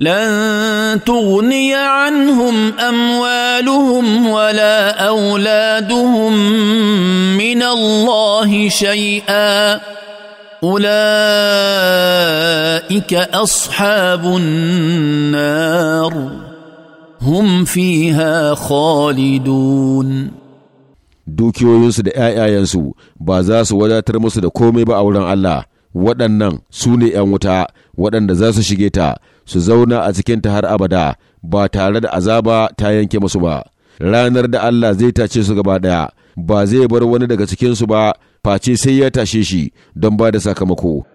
لن تغني عنهم اموالهم ولا اولادهم من الله شيئا اولئك اصحاب النار هم فيها خالدون دوكيو ينسد اي اي ينسو بازاس ولا ترمسد كومي باولان الله waɗannan su ne ‘yan wuta waɗanda za su shige ta su zauna a cikinta har abada ba tare da azaba ta yanke musu ba ranar da Allah zai tace su gaba ɗaya ba zai bar wani daga cikinsu ba face sai ya tashe shi don ba da sakamako.